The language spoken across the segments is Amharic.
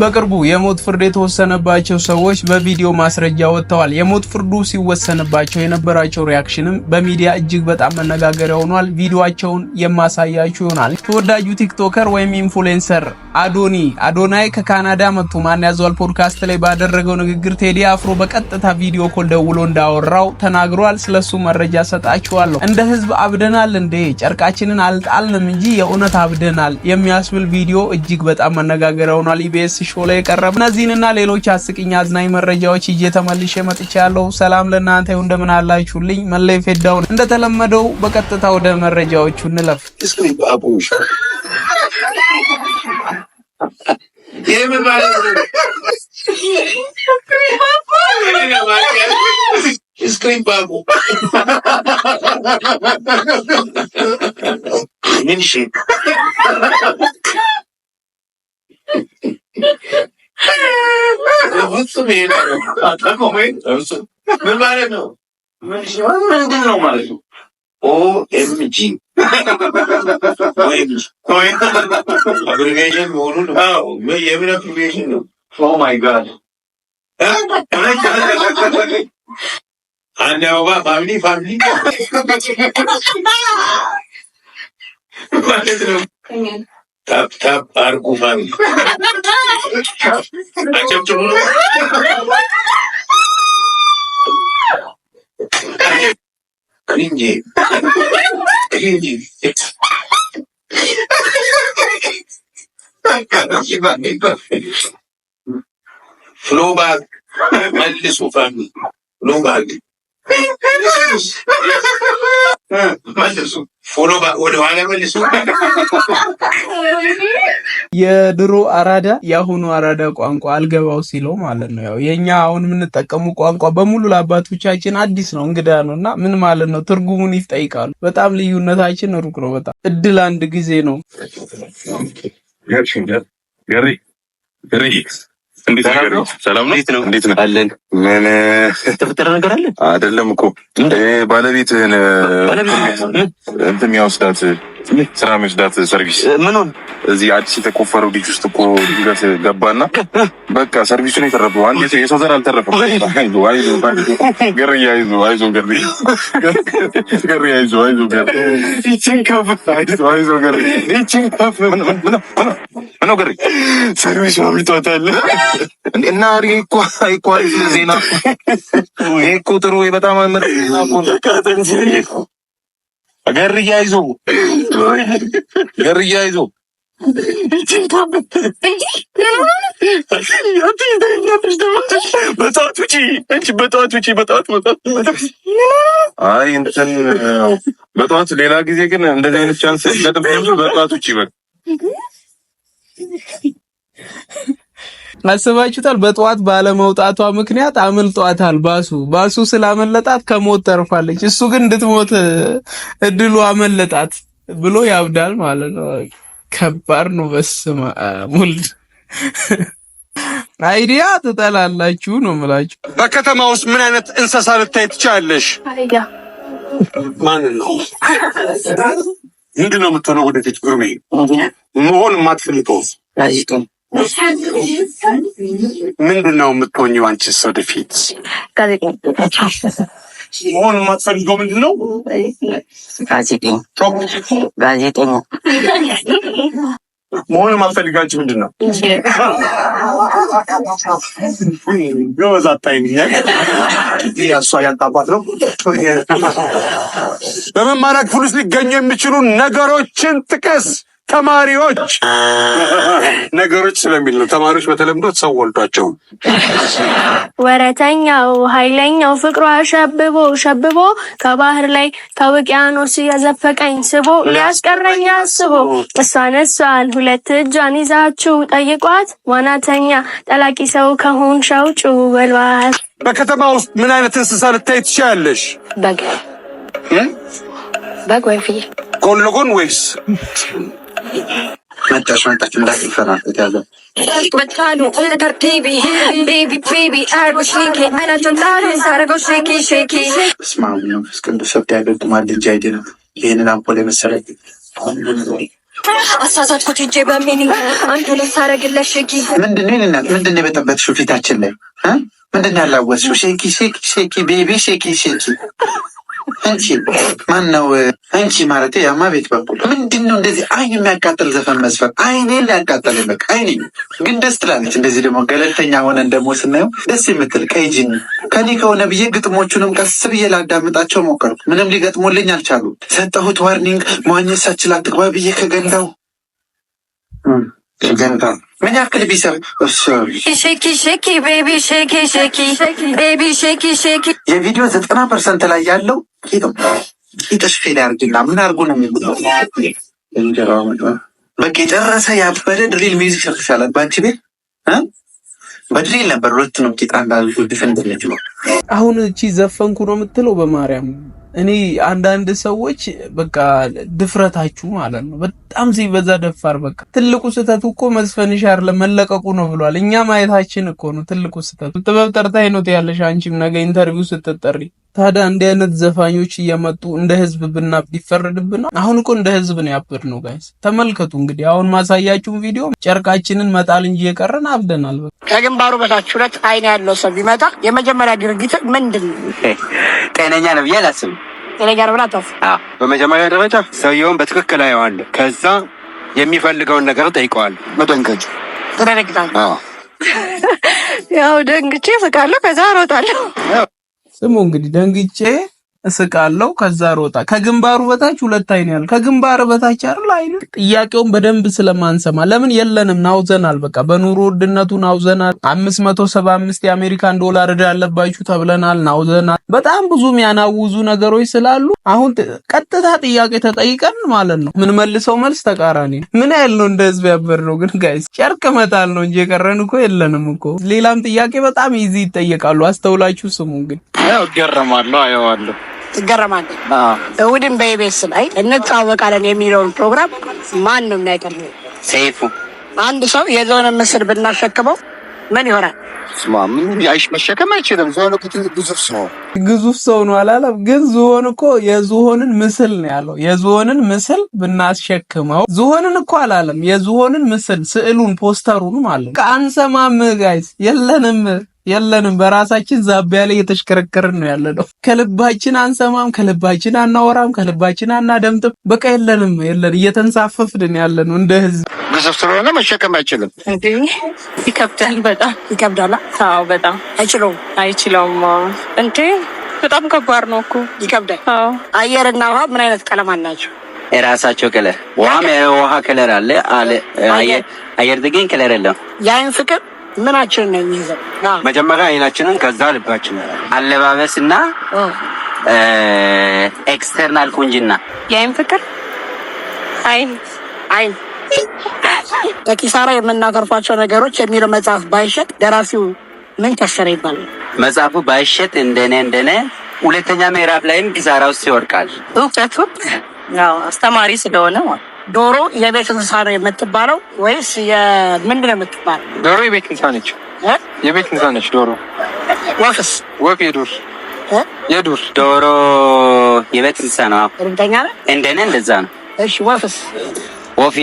በቅርቡ የሞት ፍርድ የተወሰነባቸው ሰዎች በቪዲዮ ማስረጃ ወጥተዋል። የሞት ፍርዱ ሲወሰንባቸው የነበራቸው ሪያክሽንም በሚዲያ እጅግ በጣም መነጋገሪያ ሆኗል። ቪዲዮቸውን የማሳያችሁ ይሆናል። ተወዳጁ ቲክቶከር ወይም ኢንፍሉዌንሰር አዶኒ አዶናይ ከካናዳ መጥቶ ማን ያዘዋል ፖድካስት ላይ ባደረገው ንግግር ቴዲ አፍሮ በቀጥታ ቪዲዮ ኮል ደውሎ እንዳወራው ተናግሯል። ስለሱ መረጃ ሰጣችኋለሁ። እንደ ህዝብ አብደናል እንዴ ጨርቃችንን አልጣልንም እንጂ የእውነት አብደናል የሚያስብል ቪዲዮ እጅግ በጣም መነጋገሪያ ሆኗል። ኢቢኤስ ሾ ላይ የቀረበ እነዚህንና ሌሎች አስቂኝ አዝናኝ መረጃዎች ይዤ ተመልሼ መጥቻለሁ። ሰላም ለእናንተ ይሁን፣ እንደምን አላችሁልኝ? መለይ ፌዳውን እንደተለመደው በቀጥታ ወደ መረጃዎቹ እንለፍ። ፍጹም ይሄ አጠቆመ እርሱም ምን ማለት ነው? ምንድን ነው ማለት ነው? ኦኤምጂ አግሪጌሽን መሆኑን የምን አግሪጌሽን ነው? ኦ ማይ ጋድ አንድ አበባ ፋሚሊ ፋሚሊ ማለት ነው። Tap tap arguman. Acem cumhur. Cringe. Cringe. Fleabag. Meclis ufak. Fleabag. የድሮ አራዳ የአሁኑ አራዳ ቋንቋ አልገባው ሲለው ማለት ነው። ያው የኛ አሁን የምንጠቀሙ ቋንቋ በሙሉ ለአባቶቻችን አዲስ ነው፣ እንግዳ ነው እና ምን ማለት ነው ትርጉሙን ይጠይቃሉ። በጣም ልዩነታችን ሩቅ ነው። በጣም እድል አንድ ጊዜ ነው። ሰላም ነው። እንዴት ነው አለን? ምን ተፈጠረ ነገር አለ? አይደለም እኮ ባለቤትህን እንትን የሚያወስዳት ስራ የሚወስዳት ሰርቪስ ምን እዚህ አዲስ የተቆፈረው ልጅ ውስጥ እኮ ድንገት ገባና በቃ ሰርቪሱን የተረፈው አንድ የሰው ዘር አልተረፈም። ገርያ ይዞ አይዞ አይዞ ምነገር ሰርቪስ አምልጦታል እና እኮ ጥሩ በጣም በጠዋት ውጪ እንጂ በጠዋት ውጪ በጠዋት አይ እንትን በጠዋት ሌላ ጊዜ ግን እንደዚህ አይነት ቻንስ በጠዋት ውጪ በቃ አስባችሁታል? በጠዋት ባለመውጣቷ ምክንያት አመልጧታል። ባሱ ባሱ ስላመለጣት ከሞት ተርፋለች። እሱ ግን እንድትሞት እድሉ አመለጣት ብሎ ያብዳል ማለት ነው። ከባድ ነው። በስመ አብ አይዲያ ትጠላላችሁ ነው የምላችሁ። በከተማ ውስጥ ምን አይነት እንስሳ ልታይ ትችላለሽ? ማን ነው? ምንድን ነው የምትሆነው ወደፊት? ግርሜ መሆን የማትፈልገው ምንድን ነው የምትሆኝ? አንቺስ ወደፊት መሆን የማትፈልገው ምንድን ነው? ጋዜጠኛ መሆን የማትፈልጋችሁ ምንድን ነው? በበዛታይ እሷ ያጣባት ነው። በመማሪያ ክፍል ውስጥ ሊገኙ የሚችሉ ነገሮችን ጥቀስ። ተማሪዎች ነገሮች ስለሚል ነው። ተማሪዎች በተለምዶ ሰው ወልዷቸው። ወረተኛው ኃይለኛው ፍቅሯ ሸብቦ ሸብቦ ከባህር ላይ ከውቅያኖስ የዘፈቀኝ ስቦ ሊያስቀረኝ አስቦ እሷን እሷን ሁለት እጇን ይዛችሁ ጠይቋት ዋናተኛ ጠላቂ ሰው ከሆን ሸውጩ በሏት። በከተማ ውስጥ ምን አይነት እንስሳ ልታይ ትችያለሽ? በግ በግ ወይ ፍየል ጎን ለጎን ወይስ መጣሽ መጣሽ እንዳትፈራ የተያዘ መጣሉ ተርቲቢ ቤቢ ቤቢ አርጎ ሼኪ አይናቸውን ጣሉ ሳረገው ሼኪ ሼኪ በስመ አብ መንፈስ ቅዱስ ሰብት ያገግማል ልጅ አይድንም። ይህንን አምፖል የመሰለ አሳሳትኩት እጄ በሚኒ አንተ ላይ ሳረግለት ሼኪ ምንድነው ይንናት ምንድን የበጠበጥሽው ፊታችን ላይ ምንድን ያላወስሽው? ሼኪ ሼኪ ሼኪ ቤቢ ሼኪ ሼኪ አንቺ ማን ነው አንቺ? ማለት ያማ ቤት በኩል ምንድን ነው እንደዚህ አይን የሚያቃጥል ዘፈን መስፈር? አይኔ ሊያቃጠል በቃ አይኔ ግን ደስ ትላለች። እንደዚህ ደግሞ ገለልተኛ ሆነን ደግሞ ስናየው ደስ የምትል ቀይጂን ከኔ ከሆነ ብዬ ግጥሞቹንም ቀስ ብዬ ላዳምጣቸው ሞከርኩ። ምንም ሊገጥሙልኝ አልቻሉ። ሰጠሁት ዋርኒንግ፣ መዋኘት ሳችል አትግባ ብዬ ከገንዳው ገንታ ምን ያክል ቢሰብ ሼኪ ሼኪ ቤቢ ሼኪ ሼኪ ቤቢ ሼኪ ሼኪ የቪዲዮ ዘጠና ፐርሰንት ላይ ያለው ቂጥሽ ፌል ያርግና ምን አርጎ ነው የሚለው በቃ የጨረሰ ያበደ ድሪል ሚውዚክ ሰርተሻላት በአንቺ ቤት በድሬል ነበር ሁለቱንም ጌጣ እንዳልኩ ዲፈንድ ነው። አሁን እቺ ዘፈንኩ ነው የምትለው በማርያም እኔ አንዳንድ ሰዎች በቃ ድፍረታችሁ ማለት ነው በጣም ሲበዛ ደፋር። በቃ ትልቁ ስህተቱ እኮ መስፈንሻር ለመለቀቁ ነው ብሏል። እኛ ማየታችን እኮ ነው ትልቁ ስህተቱ። ጥበብ ጠርታይ ነው ያለሽ አንቺም ነገ ኢንተርቪው ስትጠሪ ታዲያ እንዲህ አይነት ዘፋኞች እየመጡ እንደ ህዝብ ብናብድ ይፈረድብና፣ አሁን እኮ እንደ ህዝብ ነው ያበድ ነው። ጋይስ ተመልከቱ እንግዲህ አሁን ማሳያችሁን ቪዲዮ ጨርቃችንን መጣል እንጂ የቀረን አብደናል። ከግንባሩ በታች ሁለት አይን ያለው ሰው ቢመጣ የመጀመሪያ ድርጊት ምንድን ነው? ጤነኛ ነው ብዬ አላስብም። ጤነኛ ነው ብላ በመጀመሪያ ደረጃ ሰውየውን በትክክል አየዋለሁ። ከዛ የሚፈልገውን ነገር ጠይቀዋል። መደንገጭ ተደረግታል። ያው ደንግጬ ስቃለሁ። ከዛ ሮጣለሁ ስሙ እንግዲህ ደንግጬ እስቃለው ከዛ ሮጣ ከግንባሩ በታች ሁለት አይን ያለ ከግንባር በታች አይደል አይን ጥያቄውን በደንብ ስለማንሰማ ለምን የለንም ናውዘናል በቃ በኑሮ ውድነቱ ናውዘናል 575 የአሜሪካን ዶላር ዕዳ ያለባችሁ ተብለናል ናውዘናል በጣም ብዙ የሚያናውዙ ነገሮች ስላሉ አሁን ቀጥታ ጥያቄ ተጠይቀን ማለት ነው ምን መልሰው መልስ ተቃራኒ ምን ያህል ነው እንደ ህዝብ ያበር ነው ግን ጋይስ ጨርቅ መጣል ነው እንጂ የቀረን እኮ የለንም እኮ ሌላም ጥያቄ በጣም ይዚ ይጠየቃሉ አስተውላችሁ ስሙ ግን ያው ገረማለሁ አየዋለሁ ትገረማለህ። እሁድን በይቤስ ላይ እንተዋወቃለን የሚለውን ፕሮግራም ነው ናይቀር ሰይፉ አንድ ሰው የዞን ምስል ብናሸክመው ምን ይሆናል? መሸከም አይችልም። ዝሆን ግዙፍ ሰው ግዙፍ ሰው ነው አላለም። ግን ዝሆን እኮ የዝሆንን ምስል ነው ያለው። የዝሆንን ምስል ብናስሸክመው ዝሆንን እኮ አላለም። የዝሆንን ምስል ስዕሉን፣ ፖስተሩን አለ። ከአንሰማም ጋይስ የለንም የለንም በራሳችን ዛቢያ ላይ እየተሽከረከርን ነው ያለነው። ከልባችን አንሰማም፣ ከልባችን አናወራም፣ ከልባችን አናደምጥም። በቃ የለንም የለን እየተንሳፈፍን ያለነው እንደ ህዝብ ግዙፍ ስለሆነ መሸከም አይችልም። ይከብዳል፣ በጣም ይከብዳል። አዎ በጣም አይችለውም፣ አይችለውም። እንዴ በጣም ከባድ ነው እኮ ይከብዳል። አየርና ውሃ ምን አይነት ቀለም አላቸው? የራሳቸው ከለር ውሃ ከለር አለ አለ አየር ግን ከለር የለም። የአይን ፍቅር ምናችን ነው የሚይዘው? መጀመሪያ አይናችንን ከዛ ልባችን፣ አለባበስ አለባበስና ኤክስተርናል ቁንጅና፣ የአይን ፍቅር፣ አይን አይን ከኪሳራ የምናተርፋቸው ነገሮች የሚለው መጽሐፍ ባይሸጥ ደራሲው ምን ከሰረ ይባላል? መጽሐፉ ባይሸጥ እንደኔ እንደኔ ሁለተኛ ምዕራፍ ላይም ኪሳራ ውስጥ ይወድቃል። እውቀቱ አስተማሪ ስለሆነ ማለት ዶሮ የቤት እንስሳ ነው የምትባለው ወይስ ምንድን ነው የምትባለው? ዶሮ የቤት እንስሳ ነች። የቤት እንስሳ ነች ዶሮ። ወፍስ? ወፍ የዱር የዱር ዶሮ የቤት እንስሳ ነው። እርግጠኛ ነህ? እንደኔ እንደዛ ነው። እሺ ወፍስ? ወፍ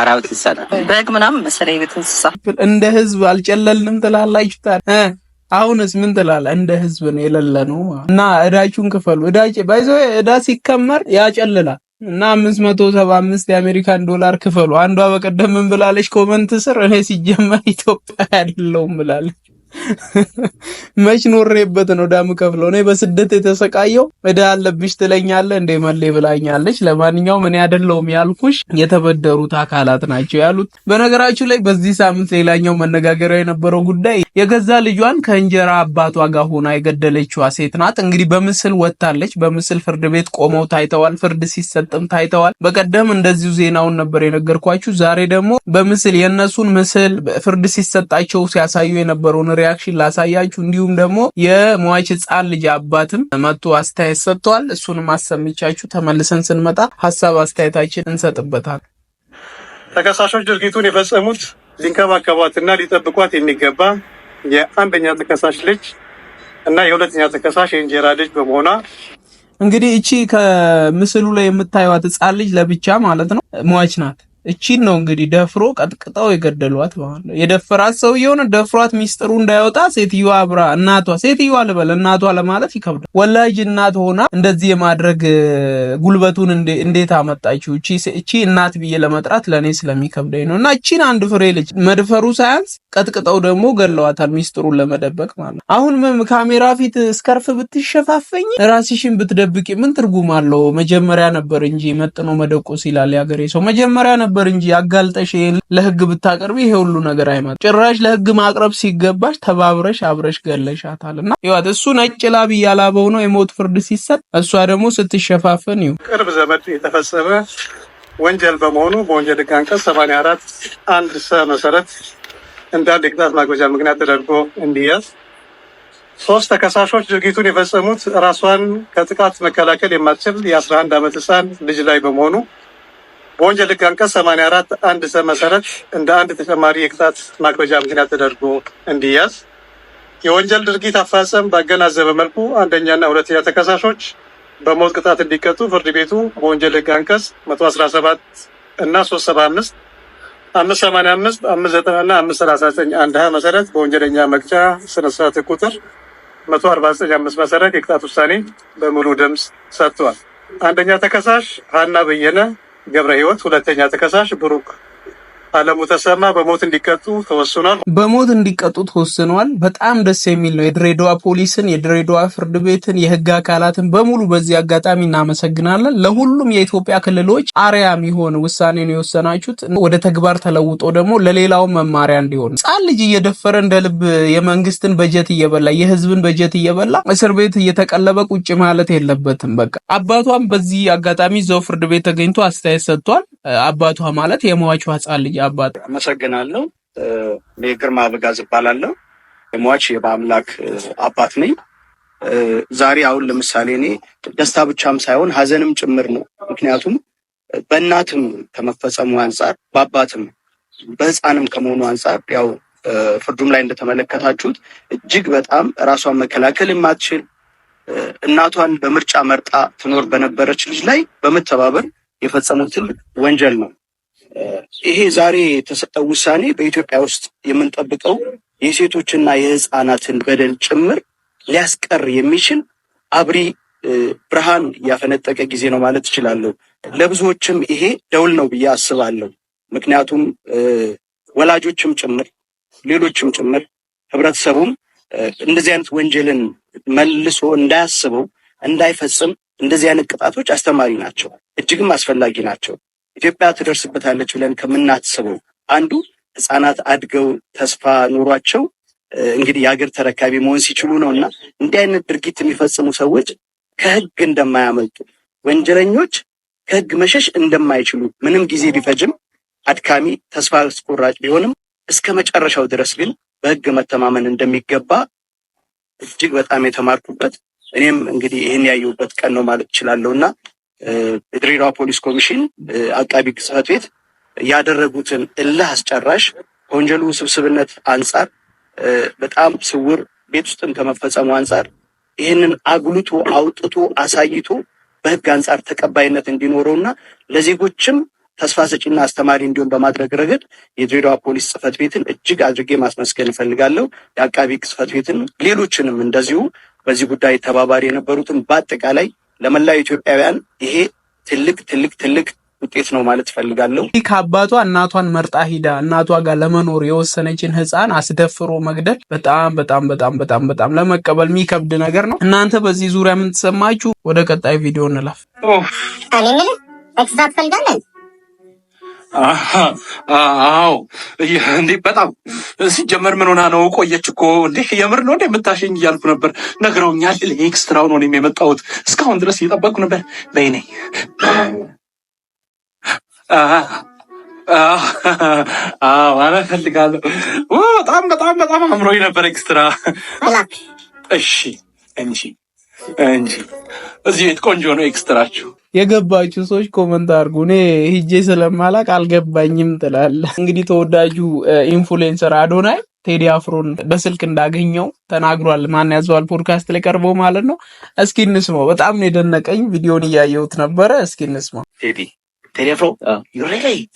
አራዊት እንስሳ ነው። በግ ምናምን መሰለኝ የቤት እንስሳ። እንደ ህዝብ አልጨለልንም ትላላችሁ ታዲያ አሁንስ ምን ትላለህ? እንደ ህዝብ ነው የሌለ ነው እና እዳችሁን ክፈሉ። እዳ ባይዞ እዳ ሲከመር ያጨልላል። እና አምስት መቶ ሰባ አምስት የአሜሪካን ዶላር ክፈሉ። አንዷ በቀደም ምን ብላለች? ኮመንት ስር እኔ ሲጀመር ኢትዮጵያ ያለውም ብላለች። መች ኖሬበት ነው ዳም ከፍለው እኔ በስደት የተሰቃየው እዳ አለብሽ ትለኛለ እንዴ መሌ ብላኛለች። ለማንኛውም እኔ አይደለሁም ያልኩሽ የተበደሩት አካላት ናቸው ያሉት። በነገራችሁ ላይ በዚህ ሳምንት ሌላኛው መነጋገሪያ የነበረው ጉዳይ የገዛ ልጇን ከእንጀራ አባቷ ጋር ሆና የገደለችዋ ሴት ናት። እንግዲህ በምስል ወጥታለች። በምስል ፍርድ ቤት ቆመው ታይተዋል። ፍርድ ሲሰጥም ታይተዋል። በቀደም እንደዚሁ ዜናውን ነበር የነገርኳችሁ። ዛሬ ደግሞ በምስል የእነሱን ምስል ፍርድ ሲሰጣቸው ሲያሳዩ የነበረውን ሪያክሽን ላሳያችሁ። እንዲሁም ደግሞ የሟች ህፃን ልጅ አባትም መጥቶ አስተያየት ሰጥተዋል። እሱንም አሰምቻችሁ ተመልሰን ስንመጣ ሀሳብ አስተያየታችን እንሰጥበታል። ተከሳሾች ድርጊቱን የፈጸሙት ሊንከባከቧትና ሊጠብቋት የሚገባ የአንደኛ ተከሳሽ ልጅ እና የሁለተኛ ተከሳሽ የእንጀራ ልጅ በመሆኗ እንግዲህ እቺ ከምስሉ ላይ የምታዩት ህፃን ልጅ ለብቻ ማለት ነው ሟች ናት። እቺን ነው እንግዲህ ደፍሮ ቀጥቅጠው የገደሏት ማለት ነው። የደፈራት የሆነ ደፍሯት ሚስጥሩ እንዳይወጣ ሴትዮዋ አብራ እናቷ ሴትዮዋ ልበል እናቷ ለማለት ይከብዳል። ወላጅ እናት ሆና እንደዚህ የማድረግ ጉልበቱን እንዴት አመጣችው? እቺ እናት ብዬ ለመጥራት ለእኔ ስለሚከብደኝ ነው። እና እቺን አንድ ፍሬ ልጅ መድፈሩ ሳያንስ ቀጥቅጠው ደግሞ ገለዋታል፣ ሚስጥሩን ለመደበቅ ማለት ነው። አሁን ካሜራ ፊት ስከርፍ ብትሸፋፈኝ ራስሽን ብትደብቂ ምን ትርጉም አለው? መጀመሪያ ነበር እንጂ መጥኖ መደቆስ ይላል ያገሬ ሰው መጀመሪያ ነበር ነበር እንጂ አጋልጠሽ ለህግ ብታቀርብ ይሄ ሁሉ ነገር አይመጣም። ጭራሽ ለህግ ማቅረብ ሲገባሽ ተባብረሽ አብረሽ ገለሻታል። እና ይዋት እሱ ነጭ ላብ እያላበው ነው የሞት ፍርድ ሲሰጥ፣ እሷ ደግሞ ስትሸፋፍን ይሁ ቅርብ ዘመድ የተፈጸመ ወንጀል በመሆኑ በወንጀል ህግ አንቀጽ 84 አንድ ሰ መሰረት እንዳንድ የቅጣት ማክበጃ ምክንያት ተደርጎ እንዲያዝ ሶስት ተከሳሾች ድርጊቱን የፈጸሙት ራሷን ከጥቃት መከላከል የማትችል የ11 ዓመት ህፃን ልጅ ላይ በመሆኑ በወንጀል ህግ አንቀጽ 84 አንድ ሰ መሰረት እንደ አንድ ተጨማሪ የቅጣት ማክበጃ ምክንያት ተደርጎ እንዲያዝ የወንጀል ድርጊት አፈጻጸም ባገናዘበ መልኩ አንደኛና ሁለተኛ ተከሳሾች በሞት ቅጣት እንዲቀጡ ፍርድ ቤቱ በወንጀል ህግ አንቀጽ 117 እና 375 አምስት ሰማንያ አምስት አምስት ዘጠና እና አምስት ሰላሳ ዘጠኝ አንድ ሀ መሰረት በወንጀለኛ መቅጫ ስነስርዓት ቁጥር መቶ አርባ ዘጠኝ አምስት መሰረት የቅጣት ውሳኔ በሙሉ ድምፅ ሰጥቷል። አንደኛ ተከሳሽ ሀና በየነ ገብረ ህይወት፣ ሁለተኛ ተከሳሽ ብሩክ አለሙ ተሰማ በሞት እንዲቀጡ ተወስኗል። በሞት እንዲቀጡ ተወስኗል። በጣም ደስ የሚል ነው። የድሬዳዋ ፖሊስን፣ የድሬዳዋ ፍርድ ቤትን፣ የህግ አካላትን በሙሉ በዚህ አጋጣሚ እናመሰግናለን። ለሁሉም የኢትዮጵያ ክልሎች አርያ የሚሆን ውሳኔ ነው የወሰናችሁት። ወደ ተግባር ተለውጦ ደግሞ ለሌላው መማሪያ እንዲሆን ህጻን ልጅ እየደፈረ እንደ ልብ የመንግስትን በጀት እየበላ የህዝብን በጀት እየበላ እስር ቤት እየተቀለበ ቁጭ ማለት የለበትም። በቃ አባቷም በዚህ አጋጣሚ ዘው ፍርድ ቤት ተገኝቶ አስተያየት ሰጥቷል። አባቷ ማለት የሟቹ ሕፃን ልጅ አባት። አመሰግናለሁ። እኔ ግርማ አበጋዝ እባላለሁ። የሟች የበአምላክ አባት ነኝ። ዛሬ አሁን ለምሳሌ እኔ ደስታ ብቻም ሳይሆን ሀዘንም ጭምር ነው። ምክንያቱም በእናትም ከመፈጸሙ አንጻር በአባትም በህፃንም ከመሆኑ አንጻር ያው ፍርዱም ላይ እንደተመለከታችሁት እጅግ በጣም ራሷን መከላከል የማትችል እናቷን በምርጫ መርጣ ትኖር በነበረች ልጅ ላይ በመተባበር የፈጸሙት ትልቅ ወንጀል ነው። ይሄ ዛሬ የተሰጠው ውሳኔ በኢትዮጵያ ውስጥ የምንጠብቀው የሴቶችና የህፃናትን በደል ጭምር ሊያስቀር የሚችል አብሪ ብርሃን ያፈነጠቀ ጊዜ ነው ማለት እችላለሁ። ለብዙዎችም ይሄ ደውል ነው ብዬ አስባለሁ። ምክንያቱም ወላጆችም ጭምር ሌሎችም ጭምር ህብረተሰቡም እንደዚህ አይነት ወንጀልን መልሶ እንዳያስበው እንዳይፈጽም እንደዚህ አይነት ቅጣቶች አስተማሪ ናቸው። እጅግም አስፈላጊ ናቸው። ኢትዮጵያ ትደርስበታለች ብለን ከምናስበው አንዱ ህፃናት አድገው ተስፋ ኑሯቸው እንግዲህ የሀገር ተረካቢ መሆን ሲችሉ ነው እና እንዲህ አይነት ድርጊት የሚፈጽሙ ሰዎች ከህግ እንደማያመልጡ ወንጀለኞች ከህግ መሸሽ እንደማይችሉ ምንም ጊዜ ቢፈጅም አድካሚ ተስፋ አስቆራጭ ቢሆንም እስከ መጨረሻው ድረስ ግን በህግ መተማመን እንደሚገባ እጅግ በጣም የተማርኩበት እኔም እንግዲህ ይህን ያየሁበት ቀን ነው ማለት እችላለሁ እና የድሬዳዋ ፖሊስ ኮሚሽን አቃቢ ሕግ ቤት ያደረጉትን እልህ አስጨራሽ ከወንጀሉ ስብስብነት አንጻር በጣም ስውር ቤት ውስጥም ከመፈጸሙ አንጻር ይህንን አጉልቶ አውጥቶ አሳይቶ በህግ አንጻር ተቀባይነት እንዲኖረውና ለዜጎችም ተስፋ ሰጪና አስተማሪ እንዲሆን በማድረግ ረገድ የድሬዳዋ ፖሊስ ጽፈት ቤትን እጅግ አድርጌ ማስመስገን እፈልጋለሁ። የአቃቢ ሕግ ቤትን ሌሎችንም እንደዚሁ በዚህ ጉዳይ ተባባሪ የነበሩትን በአጠቃላይ ለመላው ኢትዮጵያውያን ይሄ ትልቅ ትልቅ ትልቅ ውጤት ነው ማለት እፈልጋለሁ። ይህ ከአባቷ እናቷን መርጣ ሂዳ እናቷ ጋር ለመኖር የወሰነችን ህፃን አስደፍሮ መግደል በጣም በጣም በጣም በጣም በጣም ለመቀበል የሚከብድ ነገር ነው። እናንተ በዚህ ዙሪያ የምትሰማችሁ ወደ ቀጣይ ቪዲዮ እንላፍ። አዎ እንዴ በጣም ሲጀመር ምን ሆና ነው? ቆየች እኮ እንዴ የምር ነው እንዴ የምታሸኝ እያልኩ ነበር። ነግረውኛል። ኤክስትራው ነው እኔም የመጣሁት። እስካሁን ድረስ እየጠበቅኩ ነበር። በይኔ አዎ አፈልጋለሁ። በጣም በጣም በጣም አምሮኝ ነበር ኤክስትራ። እሺ እንሺ እንጂ እዚህ ቤት ቆንጆ ነው። ኤክስትራችሁ የገባችሁ ሰዎች ኮመንት አድርጉ። እኔ ሂጄ ስለማላቅ አልገባኝም ትላለ። እንግዲህ ተወዳጁ ኢንፍሉዌንሰር አዶናይ ቴዲ አፍሮን በስልክ እንዳገኘው ተናግሯል። ማን ያዘዋል ፖድካስት ላይ ቀርቦ ማለት ነው። እስኪ እንስማው። በጣም ነው የደነቀኝ። ቪዲዮን እያየሁት ነበረ። እስኪ እንስማው። ቴዲ ቴዲ አፍሮ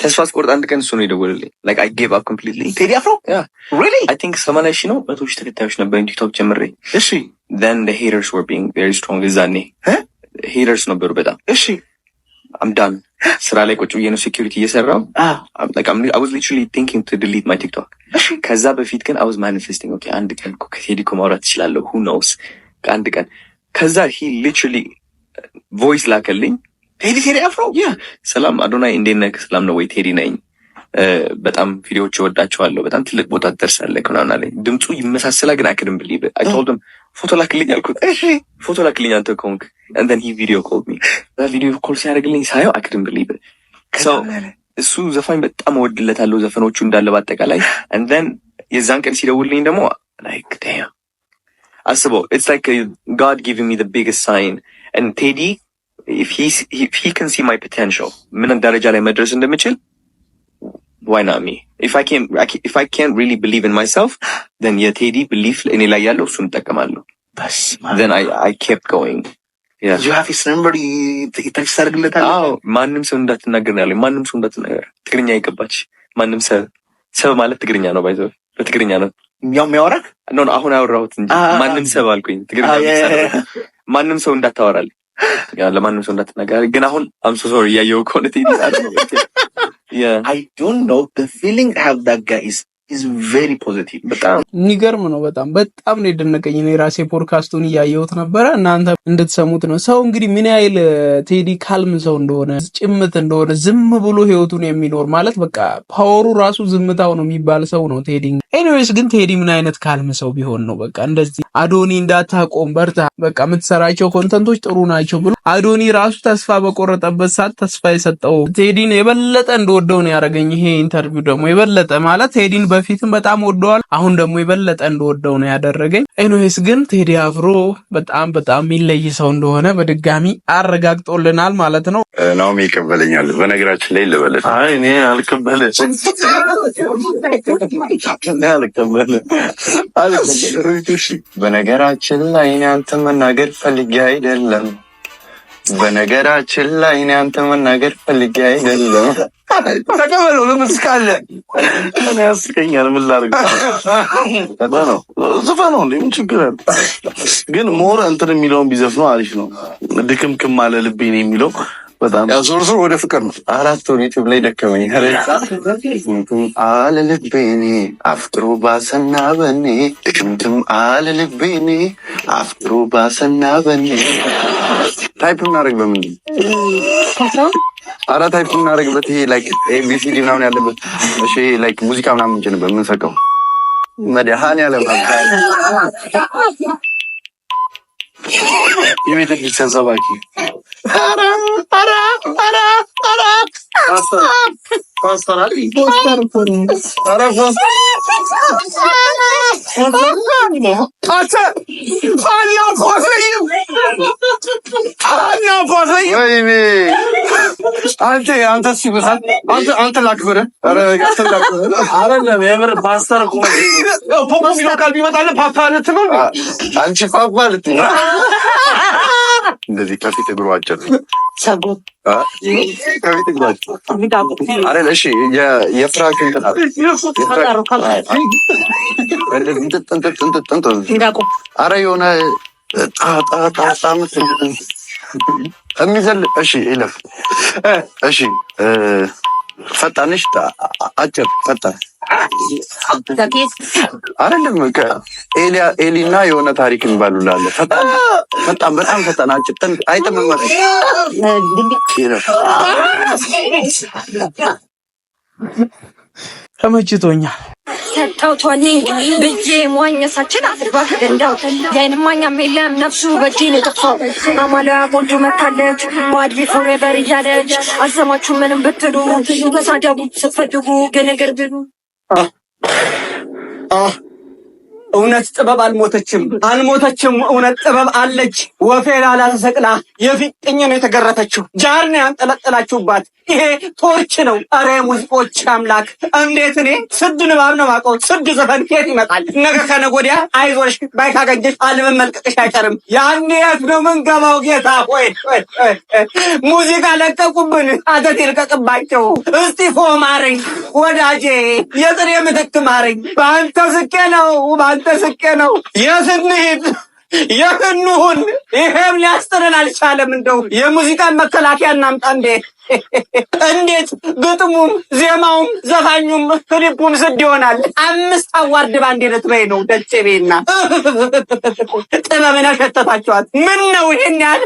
ተስፋ አስቆርጥ። አንድ ቀን እሱ ነው የደወለልኝ። ላይክ አይ ጌቭ አፕ ኮምፕሊትሊ ቴዲ አፍሮ ሪሊ አይ ቲንክ ሰማንያ ሺህ ነው መቶ ሺህ ተከታዮች ነበር ቲክቶክ ጀምሬ እሺ ዘን ዘ ሄተርስ ወር ቢንግ ቬሪ ስትሮንግ። እዛኔ ሄተርስ ነበሩ በጣም እሺ አም ዳን ስራ ላይ ቁጭ ብዬ ነው ሴኪሪቲ እየሰራው አውዝ ሊትራሊ ቲንኪንግ ቱ ዲሊት ማይ ቲክቶክ። ከዛ በፊት ግን አውዝ ማኒፌስቲንግ ኦኬ፣ አንድ ቀን ከቴዲ እኮ ማውራት ትችላለሁ ሁ ነውስ አንድ ቀን ከዛ ሂ ሊትራሊ ቮይስ ላከልኝ። ቴዲ ቴዲ አፍሮ ሰላም አዶናይ እንዴት ነህ? ሰላም ነው ወይ? ቴዲ ነኝ። uh, በጣም ቪዲዮዎች እወዳቸዋለሁ። በጣም ትልቅ ቦታ ትደርሳለህ ምናምን አለኝ። ድምፁ ይመሳሰላ ግን አይ ብል አይቶልድም ፎቶ ላክልኝ አልኩት። እሺ ፎቶ ላክልኝ አንተ ከሆንክ እንደን ይህ ቪዲዮ ኮል ሚ ቪዲዮ ኮል ሲያደርግልኝ ሳየው አክድም ብሊብ ሰው እሱ ዘፋኝ በጣም እወድለታለሁ ዘፈኖቹ እንዳለ በአጠቃላይ እንደን የዛን ቀን ሲደውልልኝ ደግሞ ላይክ ያ አስበው ኢትስ ላይክ ጋድ ጊቪንግ ሚ ዘ ቢግስት ሳይን ቴዲ ሂ ከን ሲ ማይ ፖቴንሻል ምን ደረጃ ላይ መድረስ እንደምችል ዋይ ናት ሚ ኢፍ አይ ካንት ሪሊ ብሊቭ ኢን ማይሰልፍ ዘን የቴዲ ብሊፍ እኔ ላይ ያለው እሱን እጠቀማለሁ። ማንም ሰው እንዳትናገር ነው ያለኝ። ማንም ሰው እንዳትናገር ትግርኛ ይገባች። ማንም ሰብ ሰብ ማለት ትግርኛ ነው። ባይዘ በትግርኛ ነው ያው የሚያወራክ ኖ አሁን ያወራሁት እንጂ ማንም ሰብ አልኩኝ። ትግርኛ ማንም ሰው እንዳታወራል፣ ለማንም ሰው እንዳትናገር። ግን አሁን አምሶ ሶሪ እያየው ከሆነ ቴዲ Yeah. I don't know the feeling I have that guy is is very positive በጣም የሚገርም ነው። በጣም በጣም ነው የደነቀኝ። እኔ ራሴ ፖድካስቱን እያየሁት ነበረ፣ እናንተ እንድትሰሙት ነው። ሰው እንግዲህ ምን ያህል ቴዲ ካልም ሰው እንደሆነ ጭምት እንደሆነ ዝም ብሎ ህይወቱን የሚኖር ማለት በቃ ፓወሩ ራሱ ዝምታው ነው የሚባል ሰው ነው ቴዲ። ኤኒዌይስ ግን ቴዲ ምን አይነት ካልም ሰው ቢሆን ነው በቃ እንደዚህ አዶኒ እንዳታቆም በርታ፣ በቃ የምትሰራቸው ኮንተንቶች ጥሩ ናቸው ብሎ አዶኒ ራሱ ተስፋ በቆረጠበት ሰዓት ተስፋ የሰጠው ቴዲን የበለጠ እንደወደው ነው ያደረገኝ። ይሄ ኢንተርቪው ደግሞ የበለጠ ማለት ቴዲን በፊትም በጣም ወደዋል፣ አሁን ደግሞ የበለጠ እንደወደው ነው ያደረገኝ። ኤኒዌይስ ግን ቴዲ አፍሮ በጣም በጣም የሚለይ ሰው እንደሆነ በድጋሚ አረጋግጦልናል ማለት ነው። ናሚ ይቀበለኛል። በነገራችን ላይ ልበለት እኔ በነገራችን ላይ እኔ አንተ መናገር ፈልጌ አይደለም። በነገራችን ላይ እኔ አንተ መናገር ፈልጌ አይደለም። ተቀበለው ለምስካለ እኔ ያስቀኛል። ምን ላድርግ? ዘፈነው እንዴ ምን ችግር አለ? ግን ሞር እንትን የሚለውን ቢዘፍነው አሪፍ ነው። ድክምክም አለ ልቤን የሚለው በጣም ዞር ዞር ወደ ፍቅር ነው። አራት ወር ዩቲዩብ ላይ ደከመኝ አልልቤኔ አፍቅሮ ባሰና በኔ አለ ልቤኔ አፍቅሮ ባሰና በኔ ታይፕ እናደርግ በምንድን አራት ታይፕ እናደርግበት ይሄ ላይክ ኤቢሲዲ ምናምን ያለበት እሺ፣ ላይክ ሙዚቃ ምናምን እንጭንበት የምንሰቀው ያለ የቤተ ክርስቲያን ሰባኪ Ara, ara, ara, ara. Pasta. Pasta. Pasta. Ara pasta. Pasta. Hani yapmasayım. Hani yapmasayım. Vay be. Ante, ante şimdi. Ante, ante lakları. Ara, ante lakları. Ara ne, evre pasta koyayım. Popom yok kalbime tane pasta anlatır mı? Ançı pasta anlatır. እንደዚህ ከፊት እግሩ አጭር አረ የሆነ የሚዘል እሺ፣ ይለፍ እሺ፣ ፈጣንሽ አጭር ፈጣን አይደለም በቃ ኤሊና የሆነ ታሪክ እንባሉላለ። ፈጣን በጣም ፈጣን አጭጥን አይተመመር ተመችቶኛል። ሰጣውቷኔ ብዬ ሟኘሳችን አስባ ገንዳው የአይን ማኛም የለም ነፍሱ በእጄን የጠፋው አማላ ቦንዱ መታለች ማድቢ ፎሬቨር እያለች አልሰማችሁ ምንም ብትሉ ተሳደቡ ስትፈልጉ ገነገር ብሉ እውነት ጥበብ አልሞተችም አልሞተችም። እውነት ጥበብ አለች። ወፌ ላላ ተሰቅላ የፊጥኝ ነው የተገረፈችው። ጃር ያንጠለጠላችሁባት። ይሄ ቶርች ነው። ኧረ ሙዚቆች አምላክ እንዴት እኔ ስድ ንባብ ነው ማውቀው፣ ስድ ዘፈን የት ይመጣል? ነገ ከነገ ወዲያ አይዞሽ ባይ ካገኘሽ አልበም መልቀቅሽ አይቀርም። ያኔ የት ነው ምንገባው? ጌታ ሆይ ሙዚቃ ለቀቁብን፣ አተት ይልቀቅባቸው። እስጢፎ ፎ ማረኝ ወዳጄ፣ የጥሬ ምትክ ማረኝ። በአንተ ስቄ ነው፣ በአንተ ስቄ ነው። የት እንሂድ? የምንሁን ይሄም ሊያስጥረን አልቻለም። እንደው የሙዚቃን መከላከያ እናምጣ እንዴ! እንዴት ግጥሙም ዜማውም ዘፋኙም ክሊፑም ስድ ይሆናል። አምስት አዋርድ ባንዴ ልትበይ ነው ደጭ ጥበብን ያሸተታቸዋል። ምን ነው ይሄን ያህል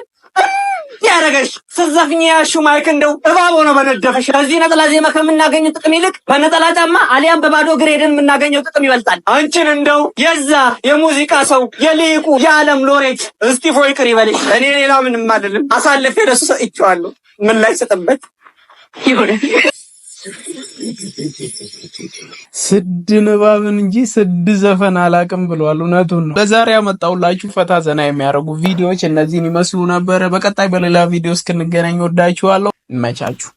ያደረገሽ ስዘፍኝ ያሹ ማይክ እንደው እባብ ሆኖ በነደፈሽ። ከዚህ ነጠላ ዜማ ከምናገኘው ጥቅም ይልቅ በነጠላ ጫማ አሊያም በባዶ ግሬድን የምናገኘው ጥቅም ይበልጣል። አንቺን እንደው የዛ የሙዚቃ ሰው የልሂቁ የዓለም ሎሬት እስጢፎ ይቅር ይበልሽ። እኔ ሌላ ምንም አልልም። አሳልፌ ለሱ ሰጥቼዋለሁ። ምን ላይ ሰጥበት ይሁን። ስድ ንባብን እንጂ ስድ ዘፈን አላቅም ብሏል። እውነቱን ነው። ለዛሬ ያመጣውላችሁ ፈታ ዘና የሚያደርጉ ቪዲዮዎች እነዚህን ይመስሉ ነበረ። በቀጣይ በሌላ ቪዲዮ እስክንገናኝ ወዳችኋለሁ። እንመቻችሁ።